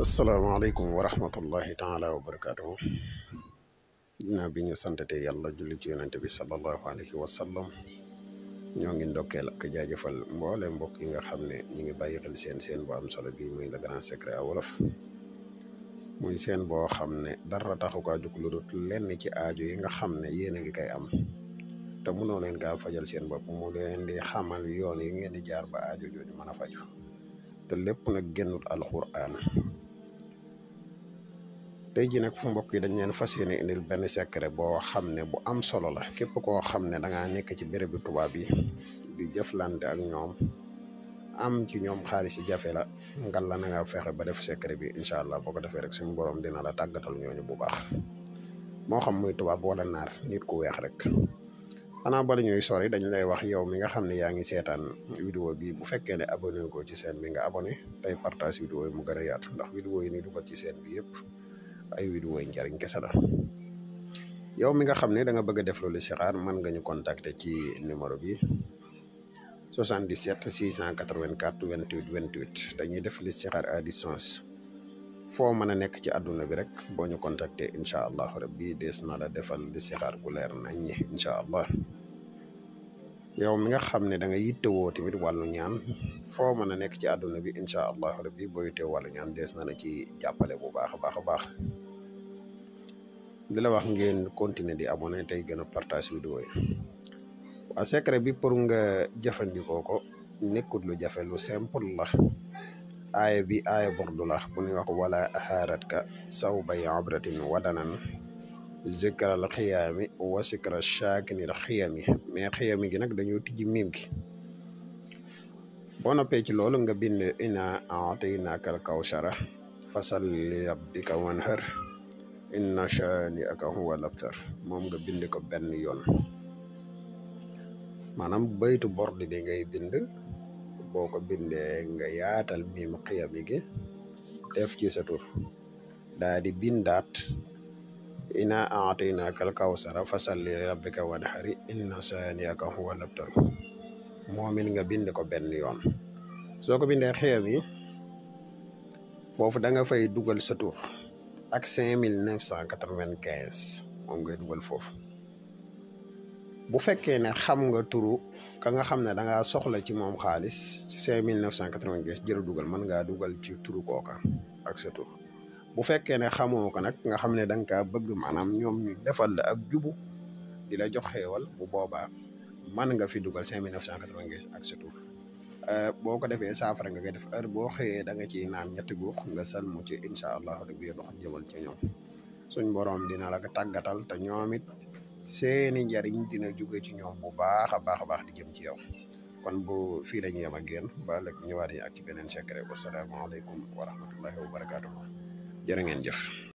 asalaamaaleykum wa rahmatullahi taala wa barakaatu ginnaaw bi ñu santate yàlla julli ci yonente bi salallahu alayhi wa sallam ñoo ngi ndokkeel ak jaajëfal mboole mbokk yi nga xam ne ñi ngi bàyyi xel seen seen bu am solo bii muy le grand secret à wolof muy seen boo xam ne dara taxu kaa jug lu dul lenn ci aajo yi nga xam ne yéen a ngi koy am te mënoo leen kaa fajal seen bopp mu leen di xamal yoon yi ngeen di jaar ba aajo jooju mën a faju te lépp nag génnul alquran tay ji nak fu mbokk yi dañ leen fas indil ben secret bo xamne bu am solo la kep ko xamne da nga nek ci bi tuba bi di jëflante ak ñoom am ci ñoom xaaliss jafé la ngal la na nga fexé ba def secret bi inshallah allah boo rek suñu borom dina la tagatal ñoñu bu baax mo xam muy bo la nar nit ku wéx rek. ana bari ñuy sori dañ lay wax yow mi nga xamne yaa vidéo bi bu fekké né abonné ko ci seen bi nga abonné tay partage vidéo yi mu gëna yaatu ndax vidéo yi ni ko ci bi yépp ay vidéo yi njariñ kessa la yow mi nga xamne da nga bëgg def lu listixaar man nga ñu contacter ci numéro bi 77 684 28 28 dañuy def listixaar à distance fo mëna a nekk ci aduna bi rek bo ñu contacter inshallah rabbi des na la defal listixaar gu leer nañ ñi inshallah yow mi nga xamne da nga wo timit walu ñaan fo mëna a nekk ci aduna bi inshallah rabbi bo yittewoo walu ñaan des na la ci jappalé bu baax baax baax di la wax ngeen continuer di abonné tey gën a partage vidéo yi waa secret bi pour nga jëfandikoo ko nekkut lu jafe lu simple la aaya bi aaya bordu la bu ñuy wax wala ka saw bay abratin wadanan zikral xiyaami wa sikra shaakinil xiyaami mais xiyaami gi nag dañoo tijji miim gi boo noppee ci loolu nga bind ina ataynaakal kawsara fasal li rabbika wanhar inna shaani aka huwa labtar moom nga bind ko ben yoon maanaam baytu bord bi ngay bind boo ko bindee nga yaatal miim xiyami gi def ci sa tur daa di bindaat ina aataynakal kawsara fasalli rabbika wanhari inna shaani aka huwa labtar moomin nga bind ko benn yoon soo ko bindee xiyam yi foofu da dugal sa ak cinq mille neuf cent quatre-vingt-quinze moom ngay dugal foofu bu fekkee ne xam nga turu ka nga xam ne da ngaa soxla ci moom xaalis ci cinq mille neuf cent quatre dugal man ngaa dugal ci turu kooka ak sa bu fekkee ne xamoo ko nag nga xam ne danga nga kaa bëgg maanaam ñoom ñu defal la ak jubu di la jox xéewal bu boobaa mën nga fi dugal cinq mille neuf cent Euh, boo ko defee saafara nga koy def heure boo xëyee da nga ciy naan ñetti guux nga salmu ci incha allah rabbi yo dox jëmal ci ñoom suñ boroom dina la ko tàggatal te ñoom it seeni njariñ dina jóge ci ñoom bu baax a baax baax di jëm ci yow kon bo fii la ñu yem ak yéen ba léegi ñëwaat yi ak ci beneen secret wasalaamaaleykum wa rahmatullahi wa barakaatuhu jërë ngeen jëf